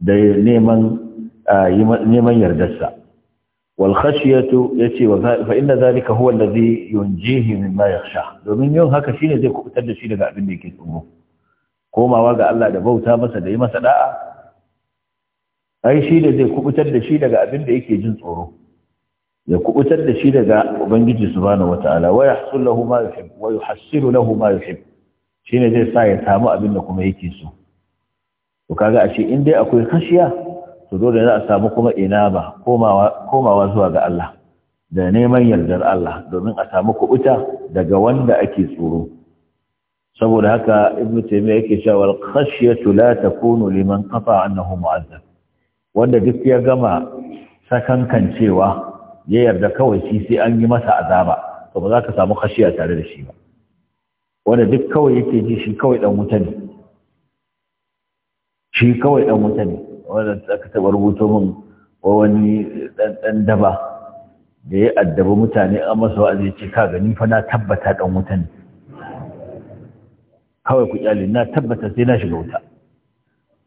da neman neman yardarsa wal khashiyatu yace fa inna zalika huwa alladhi yunjihi mimma yakhsha domin yin haka shine zai kubutar da shi daga abin da yake tsoro komawa ga Allah da bauta masa da yi masa da'a ai shi ne zai kubutar da shi daga abin da yake jin tsoro ya kubutar da shi daga ubangiji subhanahu wataala wa yahsul lahu ma yuhib wa yuhassilu lahu ma yuhib ne zai sa ya samu abin da kuma yake so to kaga a ce in dai akwai kashiya? to dole za a samu kuma inaba komawa zuwa ga Allah da neman yardar Allah domin a samu kubuta daga wanda ake tsoro saboda haka ibnu taymiya yake cewa khashyatu la takunu liman qata annahu mu'azzab wanda duk ya gama sakankancewa ya yarda kawai shi sai an yi masa azaba to ba za ka samu khashiya tare da shi ba wanda duk kawai yake ji shi kawai dan wuta ne shi kawai dan wuta ne wanda aka taɓa rubuto min ko wani ɗan daba da ya addaba mutane a masa wa'azi ce kaga gani fa na tabbata ɗan wuta ne kawai ku kyale na tabbata sai na shiga wuta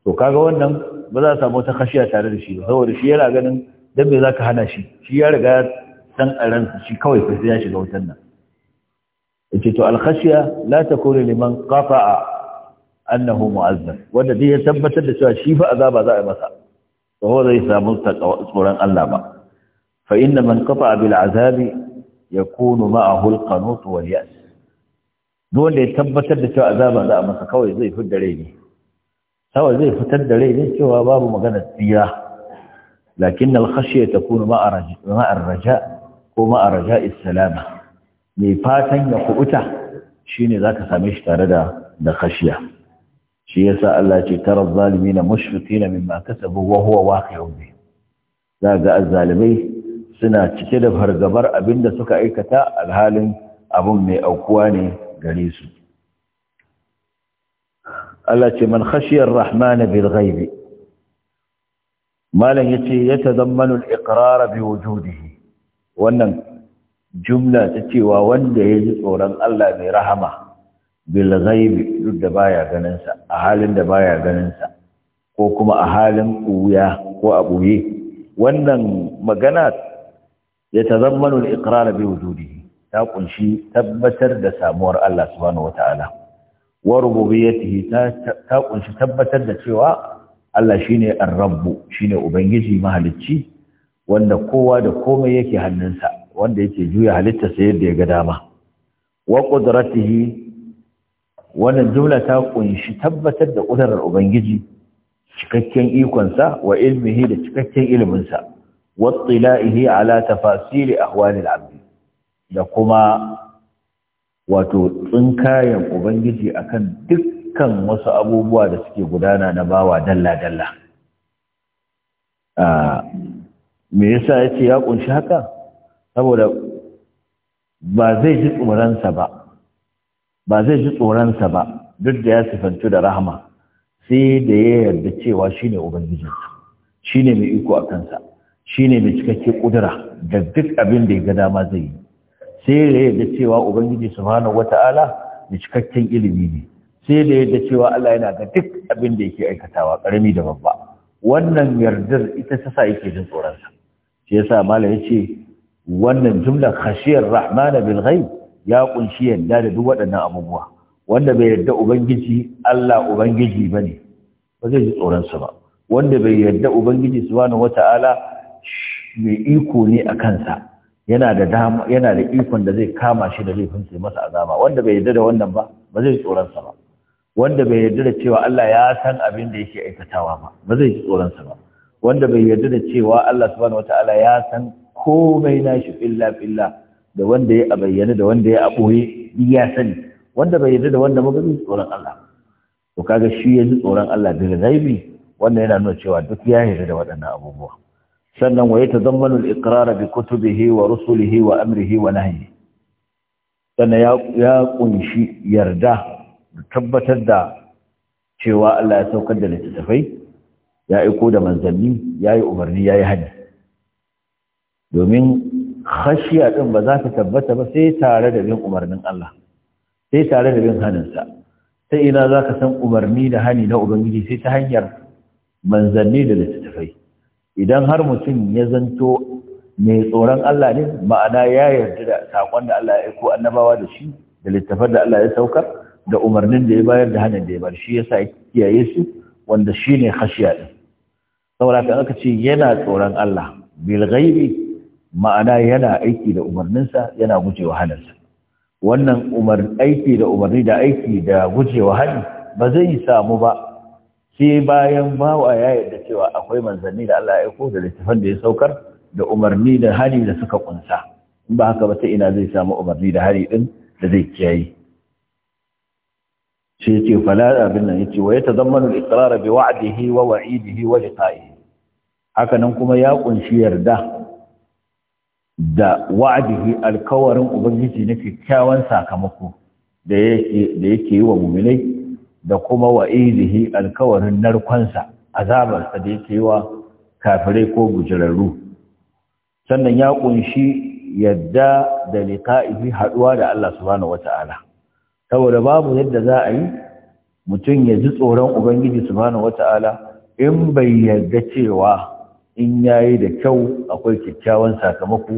to kaga wannan ba za a samu wata kashiya tare da shi ba saboda shi yana ganin dan me ka hana shi shi ya riga san a ransa shi kawai fa sai ya shiga wutan nan yace to al khashiya la takunu liman qata'a أنه مؤذن والذي يثبت لسوى شيفة أذاب أذائي مساء فهو ليس ملتق وإصبرا ألاما فإن من قطع بالعذاب يكون معه القنوط واليأس دون يثبت لسوى أذاب أذائي مساء قوي زي فد ليني سوى زي فتد ليني سوى باب مغنى السياه لكن الخشية تكون مع, مع الرجاء ومع رجاء السلامة لفاتن يقوته شيني ذاك سميش تردى دخشيه shi yasa Allah ce tara zalimina na mimma kasabu wa huwa waqi'un ne. za ga azzalimai suna cike da fargabar abinda suka aikata alhalin abun mai aukuwa ne gare su Allah ce man khashiyar rahmana bil ghaibi malam yace ya tazammanu al iqrar bi wujudihi wannan jumla ta cewa wanda ya ji tsoron Allah mai rahama bil duk da baya ganin sa a halin da baya ganin sa ko kuma a halin uya ko a buye wannan magana ya tazammanu al-iqrar bi wujudihi ta kunshi tabbatar da samuwar Allah subhanahu wataala wa rububiyyatihi ta kunshi tabbatar da cewa Allah shine ar-rabb shine ubangiji mahalicci wanda kowa da komai yake hannunsa wanda yake juya halittarsa yadda ya ga dama wa qudratihi wannan jumla ta kunshi tabbatar da kudarar ubangiji cikakken ikonsa wa ilmihi da cikakken iliminsa wattila'ihi ala tafasili ahwalil abdi da kuma wato tsinkayen ubangiji akan dukkan wasu abubuwa da suke gudana na bawa dalla dalla ah, me yasa yace ya kunshi haka saboda ba zai ji tsoransa ba ba zai ji tsoronsa ba duk da ya sifantu da rahama sai da ya yarda cewa shi ne ubangijinsa ne mai iko a kansa shi ne mai cikakke kudura da duk abin da ya ga dama zai yi sai da ya yarda cewa ubangiji subhanahu wata'ala mai cikakken ilimi ne sai da ya yarda cewa Allah yana ga duk abin da yake aikatawa karami da babba wannan yardar ita ta sa yake jin tsoronsa shi yasa malam ya ce wannan jumla khashiyar rahmana bil ghaib ya kunshi yadda da duk waɗannan abubuwa wanda bai yarda ubangiji Allah ubangiji bane ba zai ji tsoron ba wanda bai yarda ubangiji wata wata'ala mai iko ne a kansa yana da ikon da zai kama shi da laifin sai masa azaba wanda bai yarda da wannan ba ba zai tsoron tsoronsa ba wanda bai yarda da cewa Allah ya san abin da yake aikatawa ba ba zai ji tsoron ba wanda bai yarda da cewa Allah subhanahu wata'ala ya san komai nashi illa billah da wanda ya bayyana da wanda ya aboye ya sani wanda bai yarda da wanda magani tsoron Allah to kaga shi ya ji tsoron Allah da zaibi wannan yana nuna cewa duk ya yarda da waɗannan abubuwa sannan wa yatazammanu al-iqrar bi kutubihi wa rusulihi wa amrihi wa nahyi sannan ya ya kunshi yarda tabbatar da cewa Allah ya saukar da littattafai ya aiko da manzanni ya yi umarni ya yi hadi domin khashiya ɗin ba za ta tabbata ba sai tare da bin umarnin Allah sai tare da bin haninsa sai ina za ka san umarni da hani na ubangiji sai ta hanyar manzanni da littattafai idan har mutum ya zanto mai tsoron Allah ne ma'ana ya yarda da sakon da Allah ya aiko annabawa da shi da littafan da Allah ya sauka da umarnin da ya bayar da hanin da ya bar shi yasa kiyaye su wanda shine khashiya din saboda aka ce yana tsoron Allah bil ghaibi ma'ana yana aiki da umarninsa yana guje wa hanarsa wannan umar aiki da umarni da aiki da guje wa hani ba zai samu ba sai bayan bawa ya yarda cewa akwai manzanni da Allah ya aiko da littafan da ya saukar da umarni da hali da suka kunsa in ba haka ba ta ina zai samu umarni da hari din da zai kiyaye shi yace fala abin nan yace wa yatazammanu al-iqrar bi wa'dihi wa wa'idihi wa liqa'ihi haka nan kuma ya kunshi yarda da wa'adihi alkawarin ubangiji na kyakkyawan sakamako da yake yi wa muminai da kuma wa'idihi alkawarin narkonsa azabarsa da yake yi wa kafirai ko gujirarru sannan ya kunshi yadda da liqa'ihi haduwa da Allah subhanahu wata'ala saboda babu yadda za a yi mutum ya ji tsoron ubangiji subhanahu wata'ala in bai yarda cewa in yayi da kyau akwai kyakkyawan sakamako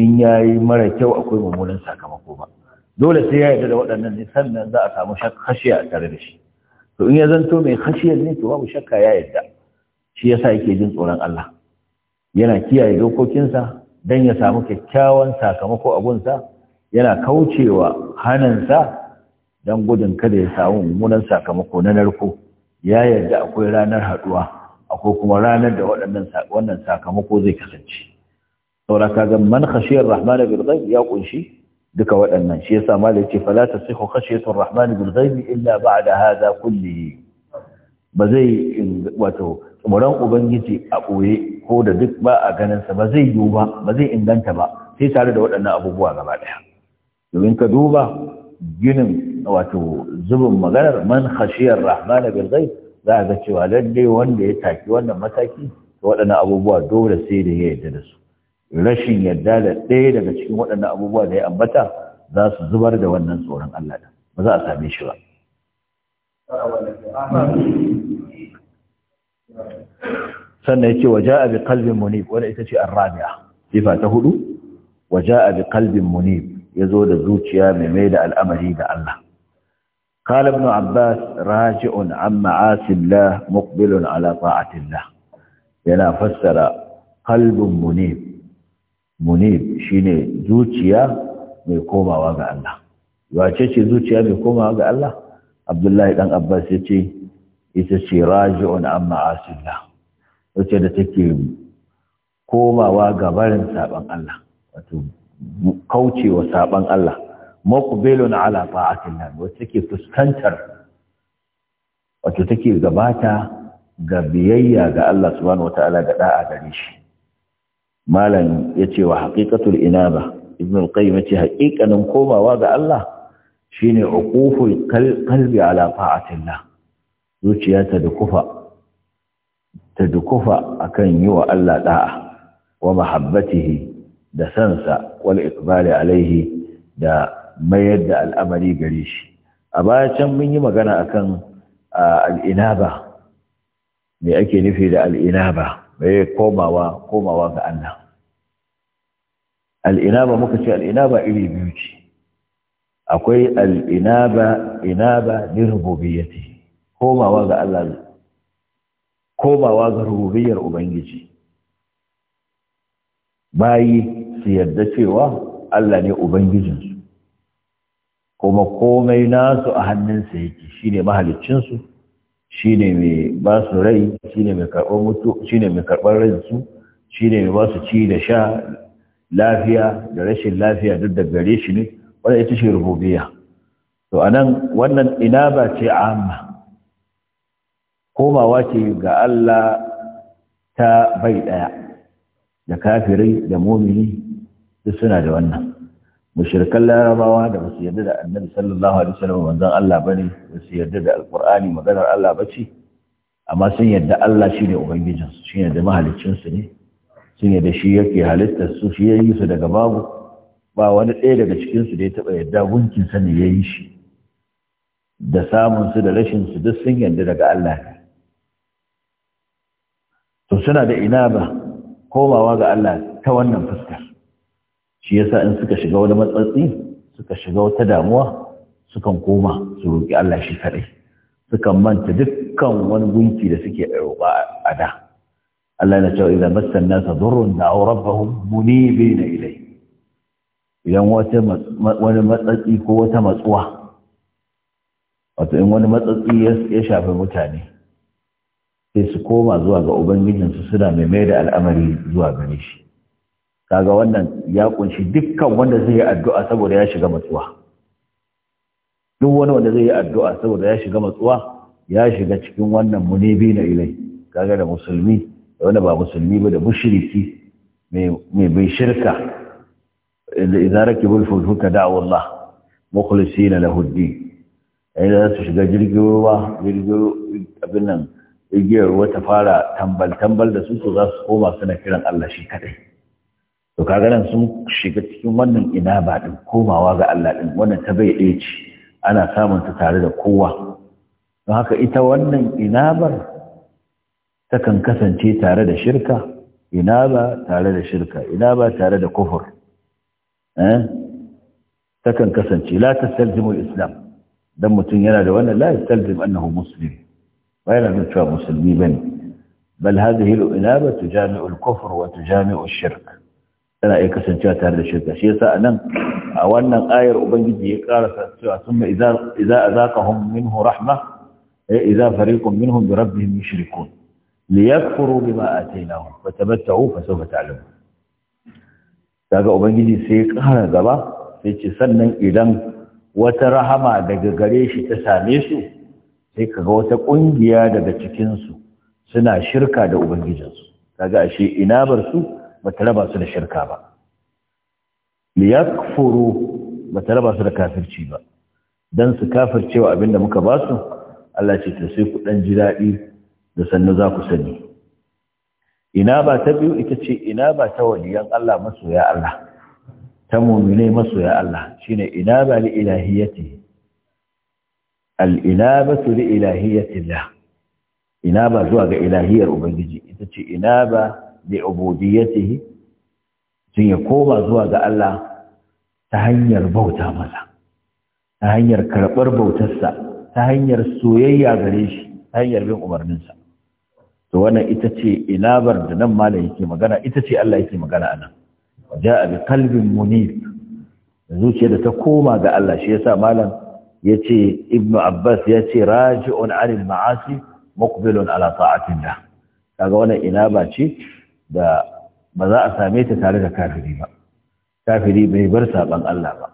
in yayi mara kyau akwai mummunan sakamako ba dole sai ya yarda da waɗannan ne sannan za a samu hashiya a tare da shi to in ya zanto mai hashiyar ne to babu shakka ya yarda shi yasa yake jin tsoron Allah yana kiyaye dokokinsa dan ya samu kyakkyawan sakamako a gunsa yana kaucewa hanansa don gudun kada ya samu mummunan sakamako na narko ya yarda akwai ranar haduwa. akwai kuma ranar da waɗannan wannan sakamako zai kasance saboda kaga man khashiyar rahman bil ghaib ya kunshi duka waɗannan shi yasa malai ce fala tasihu khashiyatu rahman bil ghaib illa ba'da hadha kullihi ba zai wato tsoron ubangiji a ɓoye ko da duk ba a ganin sa ba zai yiwu ba ba zai inganta ba sai tare da waɗannan abubuwa gaba ɗaya domin ka duba ginin wato zubin maganar man khashiyar rahman bil ghaib za a ga cewa lalle wanda ya taki wannan mataki waɗannan abubuwa dole sai da ya yarda da su rashin yarda da ɗaya daga cikin waɗannan abubuwa da ya ambata za su zubar da wannan tsoron Allah da ba za a same shi ba sannan ya ce waje a bi kalbin munib wadda ita ce rabi'a sifa ta hudu waje a bi kalbin munib ya zo da zuciya mai mai da al'amari da Allah قال ابن عباس راجع عن معاصي الله مقبل على طاعة yana fassara kalbin munib munib shine zuciya mai komawa ga Allah wace ce zuciya mai komawa ga Allah Abdullahi Ɗan Abbas yace ita ce raji'un amma asillah wace da take komawa ga barin Allah wato kaucewa saban Allah muqbilun a ta'atillah wacce ke fuskantar wato take gabata ga biyayya ga Allah subhanahu wataala ga da'a gare shi malam ce wa haqiqatul inaba ibn al-qayyim yace haqiqanin komawa ga Allah shine uquful qalbi ala ta'atillah zuciya ta dukufa ta dukufa akan yi wa Allah da'a wa mahabbatihi da sansa wal ikbali alaihi da mayar da al'amari gare shi a baya can mun yi magana akan al'inaba me ake nufi da al'inaba mai komawa komawa ga Allah al'inaba muka ce al'inaba iri biyu ce akwai al'inaba inaba ni rububiyyati komawa ga Allah komawa ga rububiyyar ubangiji bayi su yarda cewa Allah ne ubangijinsu kuma komai nasu a hannunsa yake shi ne mahaliccinsu shi ne mai ba su rai shi ne mai karɓar ransu shi ne mai ba su ci da sha lafiya da rashin lafiya duk da gare shi ne wadda ita ce rububiya to a nan wannan ina ba ce amma komawa ce ga Allah ta bai daya da kafirai da momini duk suna da wannan mushirkan larabawa da basu yarda da annabi sallallahu alaihi wasallam manzon Allah bane basu yarda da alqur'ani maganar Allah bace amma sun yarda Allah shine ubangijin su shine da mahaliccin su ne sun yarda shi yake halittar su shi yayi su daga babu ba wani ɗaya daga cikin su da ya taba yarda gunkin sa ne yayi shi da samun su da rashin su duk sun yarda daga Allah ne to suna da inaba komawa ga Allah ta wannan fuskar shi yasa in suka shiga wani matsatsi suka shiga wata damuwa sukan koma su roƙi Allah shi kaɗai sukan manta dukkan wani gunki da suke roƙa a da Allah na cewa idan massan nasa dhurrun da'u rabbahum munibina ilai idan wata wani matsatsi ko wata matsuwa wato in wani matsatsi ya shafi mutane sai su koma zuwa ga ubangijinsu suna mai mai da al'amari zuwa gare shi kaga wannan ya kunshi dukkan wanda zai yi addu'a saboda ya shiga matsuwa duk wani wanda zai yi addu'a saboda ya shiga matsuwa ya shiga cikin wannan munibi na ilai kaga da musulmi da wanda ba musulmi ba da mushriki mai bai shirka da izaraki bulfulfuka Allah mukhlisina lahu din yayin da su shiga jirgin ruwa jirgin abin nan igiyar ruwa ta fara tambal tambal da su su za su koma suna kiran Allah shi kadai to kaga nan sun shiga cikin wannan ina ba din komawa ga Allah din wannan ta bai ɗaya ce ana samun ta tare da kowa don haka ita wannan inabar kan kasance tare da shirka inaba tare da shirka inaba tare da kufur eh ta kan kasance la tastalzimu islam dan mutun yana da wannan la yastalzim annahu muslim ba yana da cewa musulmi bane bal hadhihi al-inaba tujami'u al-kufr wa tujami'u ash-shirk tana iya kasancewa tare da shirka shi yasa anan a wannan ayar ubangiji ya karasa cewa summa idza idza azaqahum minhu rahma eh, idza fariqun minhum bi rabbihim yushrikun yakfuru bima atainahum fa sawfa ta'lamun kaga ubangiji sai ya kara gaba sai ce sannan idan wata rahama daga gare shi ta same su sai kaga wata kungiya daga cikin su suna shirka da ubangijinsu kaga ashe ina bar su Bata raba su da shirka ba liyakfuru ba ta raba su da kafirci ba don su kafircewa abinda muka ba su Allah ce ta sai ku dan ji daɗi da sannu za ku sani ina ba ta biyu ita ce ina ba ta waliyan Allah masoya Allah ta mumine masoya Allah shine ina ba li ilahiyati al inabatu li ilahiyati Allah ina ba zuwa ga ilahiyar ubangiji ita ce ina ba bi ubudiyyatihi tun ya koma zuwa ga Allah ta hanyar bauta masa ta hanyar karɓar bautarsa ta hanyar soyayya gare shi ta hanyar bin umarninsa to wannan ita ce ilabar da nan malam yake magana ita ce Allah yake magana anan ja'a bi qalbin munif zuciya da ta koma ga Allah shi yasa malam yace ibnu abbas yace raji'un 'anil ma'asi muqbilun ala ta'atillah kaga wannan ilaba ce da ba za a same ta tare da kafiri ba kafiri bai bar saban Allah ba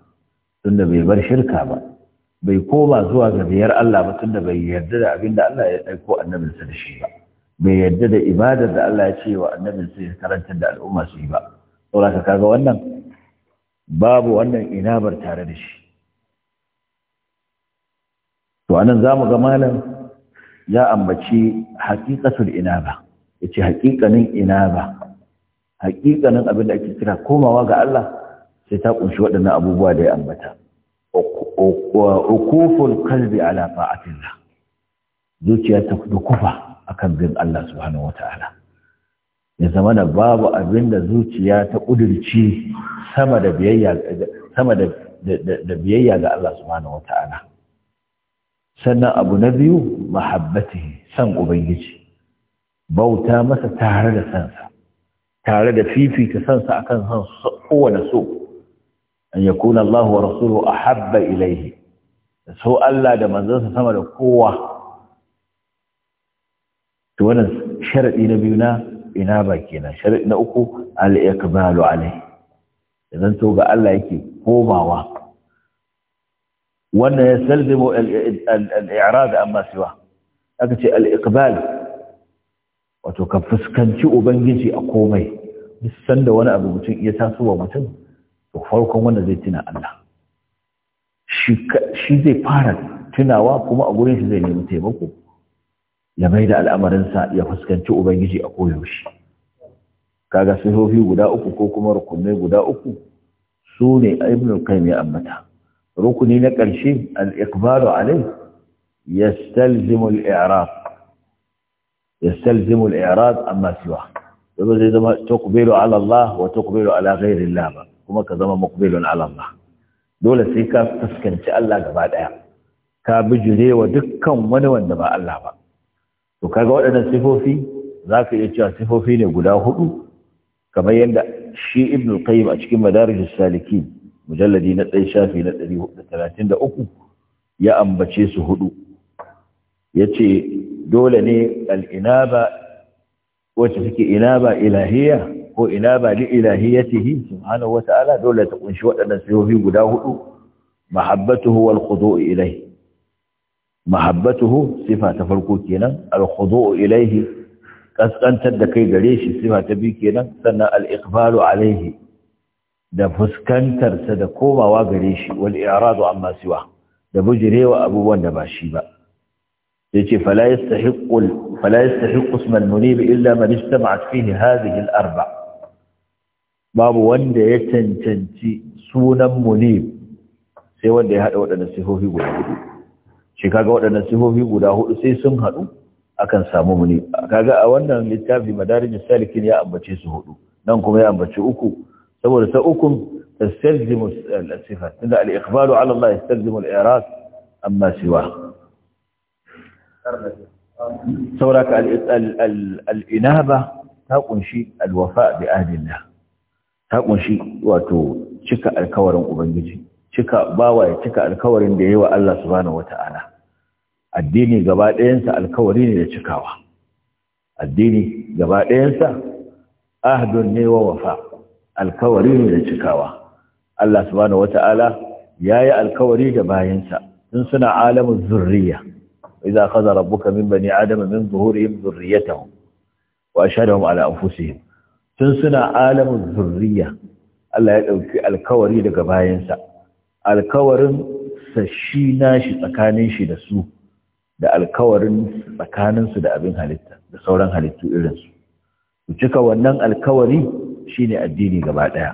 tunda bai bar shirka ba bai koma zuwa ga biyar Allah ba tunda bai yarda da abin da Allah ya annabin annabinsa da shi ba bai yarda da ibadar da Allah ya ce wa sa ya karanta da al'umma su yi ba saboda ka kaga wannan babu wannan inabar tare da shi to anan zamu ga malam ya ambaci haqiqatul inaba yace haƙiƙanin ina ba haƙiƙanin abin da ake kira komawa ga Allah sai ta kunshi waɗannan abubuwa da ya ambata ukuful qalbi ala ta'atillah zuciya ta kufa akan bin Allah subhanahu wata'ala ya zama da babu abin da zuciya ta ƙudurci sama da biyayya sama da da biyayya ga Allah subhanahu wata'ala sannan abu na biyu mahabbati san ubangiji bauta masa tare da sansa tare da fifita sansa akan san kowane so an yakuna Allah wa rasuluhu ahabba ilayhi so Allah da manzansa sama da kowa to wannan sharadi na biyu na ina ba kenan sharadi na uku al-iqbalu alayhi idan to ga Allah yake komawa wannan ya salzimu al-i'rad amma siwa aka ce al-iqbal wato ka fuskanci ubangiji a komai duk sanda wani abu mutum iya tasowa mutum to farkon wanda zai tuna Allah shi zai fara tunawa kuma a gurin shi zai nemi taimako ya mai da sa ya fuskanci ubangiji a koyaushe kaga sifofi guda uku ko kuma rukunai guda uku su ne ibn qayyim ya ambata rukuni na ƙarshe al-iqbalu alayhi yastalzimu al-i'rab يستلزم الإعراض أما سواه يبقى زي ما تقبل على الله وتقبل على غير الله كما كما مقبل على الله دولة سيكا تسكنتي الله قبعد ɗaya. ka bijire wa dukkan wani wanda ba Allah ba to kaga waɗannan sifofi zaka iya cewa sifofi ne guda huɗu? kamar yadda shi Ibn Qayyim a cikin Madarij salikin mujalladi na 1 shafi na 433 ya ambace su hudu yace dole ne al'inaba wacce suke inaba ilahiyya ko inaba li ilahiyyatihi subhanahu wata'ala dole ta kunshi waɗannan siyofi guda hudu mahabbatuhu wal khudu'u ilayhi mahabbatuhu sifa ta farko kenan al khudu'u ilayhi kaskantar da kai gare shi sifa ta biyu kenan sannan al iqbalu da fuskantarsa da komawa gare shi wal i'radu amma siwa da bujirewa abubuwan da ba shi ba yace يجي فلا يستحق فلا يستحق اسم المنيب إلا من اجتمعت فيه arba babu wanda ya cancanci سونا منيب sai wanda ya hada waɗannan sihohi guda hudu shi kaga waɗannan sihohi guda hudu sai sun haɗu akan samu muni kaga a wannan littafi madarijus salikin ya ambace su hudu nan kuma ya ambace uku saboda ta ukun tastalzimu al-sifat inda al-iqbalu ala Allah yastalzimu al-i'rab amma siwa sauraka al'inaba ta kunshi alwafa bi ahdillah ta kunshi wato cika alkawarin ubangiji cika bawa ya cika alkawarin da ya yi wa Allah subhanahu wata'ala addini gaba ɗayansa alkawari ne da cikawa addini gaba ɗayansa ahdun ne wa wafa alkawari ne da cikawa Allah subhanahu ya yi alkawari da bayansa in suna alamun zurriya إذا أخذ ربك من بني آدم من ظهورهم ذريتهم وأشهدهم على أنفسهم تنسنا آلم الذرية الله يدعوكي الكوري لك باينسا الكورن سشينا شي shi شي دسو da alkawarin tsakaninsu da abin halitta da sauran halittu irin su cika wannan alkawari shine addini gaba ɗaya.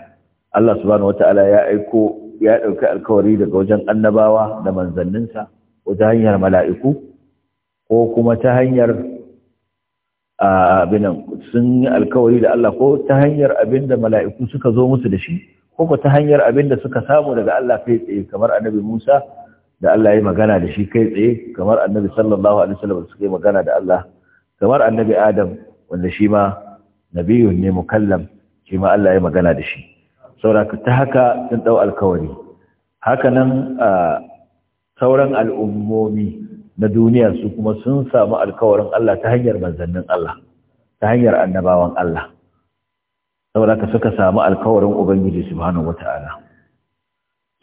Allah subhanahu ya aiko ya dauki alkawari daga wajen annabawa da manzanninsa wajen hanyar mala'iku ko kuma ta hanyar abinan sun yi alkawari da Allah ko ta hanyar abin da mala'iku suka zo musu da shi ko ko ta hanyar abin da suka samu daga Allah kai tsaye kamar annabi Musa da Allah ya magana da shi kai tsaye kamar annabi sallallahu alaihi wasallam suka yi magana da Allah kamar annabi Adam wanda shi ma ne mukallam shi ma Allah ya magana da shi sauraka ta haka sun dau alkawari haka nan sauran al'ummomi na duniya su kuma sun samu alkawarin Allah ta hanyar manzannin Allah ta hanyar annabawan Allah saboda ka suka samu alkawarin Ubangiji subhanahu wata'ala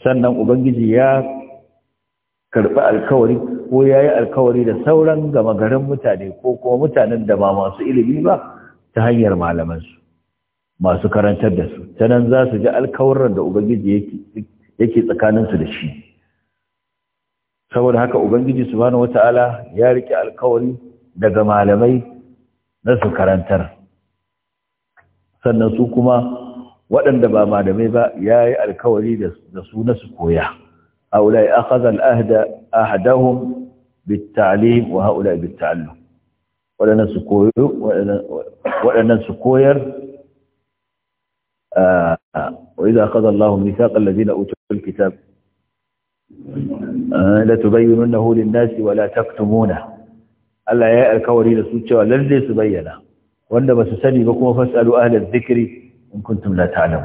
sannan Ubangiji ya karɓi alkawari ko ya yi alkawari da sauran gama garin mutane ko kuma mutanen da ba masu ilimi ba ta hanyar malamansu masu karantar da su ta nan za su ji alkawarin da Ubangiji yake tsakaninsu da shi saboda haka ubangiji subhanahu wata'ala ya rike alkawari daga malamai na su karantar sannan su kuma waɗanda ba malamai ba ya yi alkawari da su na su koya haulai akhazal ahda Ahadahun bitta'lim wa haulai bitta'allum waɗannan su koyo waɗannan su koyar ah, wa idza akhadha Allahu mithaqal ladina utul kitab Ah, la na lin-nasi wa la taktumuna Allah ya yi alkawari da su cewa lalle su bayyana wanda ba su sani ba kuma fasalu ahlal zikiri in kuntum la ta'lamu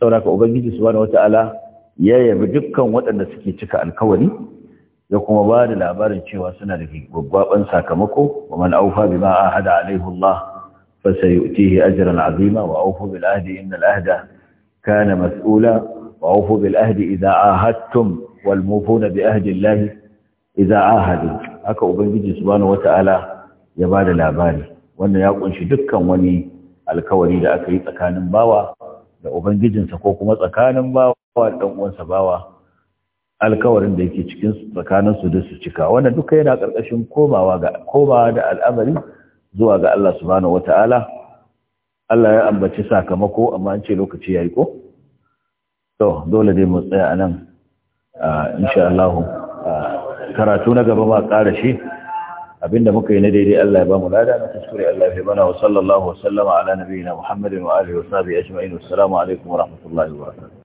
sauraka ubangiji subhanahu wata'ala ya yabi dukkan waɗanda suke cika alkawari ya kuma ba da labarin cewa suna da gwaggwaban sakamako wa man aufa ma ahada alaihi Allah fa sayutihi ajran azima wa aufu bil ahdi innal ahda kana mas'ula وأوفوا بالأهد إذا آهدتم والموفون بأهد الله إذا آهدوا haka ubangiji سبحانه وتعالى ya da labari wannan ya وني dukkan wani alkawari da aka yi tsakanin bawa da ubangijinsa ko kuma tsakanin bawa da uwansa bawa alkawarin da yake cikin tsakanin su da su cika wannan duka yana karkashin komawa ga komawa da al'amari zuwa ga Allah subhanahu wataala Allah ya ambaci sakamako amma an ce lokaci yayi ko to dole dai mu tsaya anan insha Allah karatu na gaba ba ƙara shi abinda muka yi na daidai Allah ya ba mu lada na kuskure Allah ya bana wa sallallahu wa sallama ala nabiyina Muhammadin wa alihi wa sahbihi ajma'in assalamu alaikum wa rahmatullahi wa barakatuh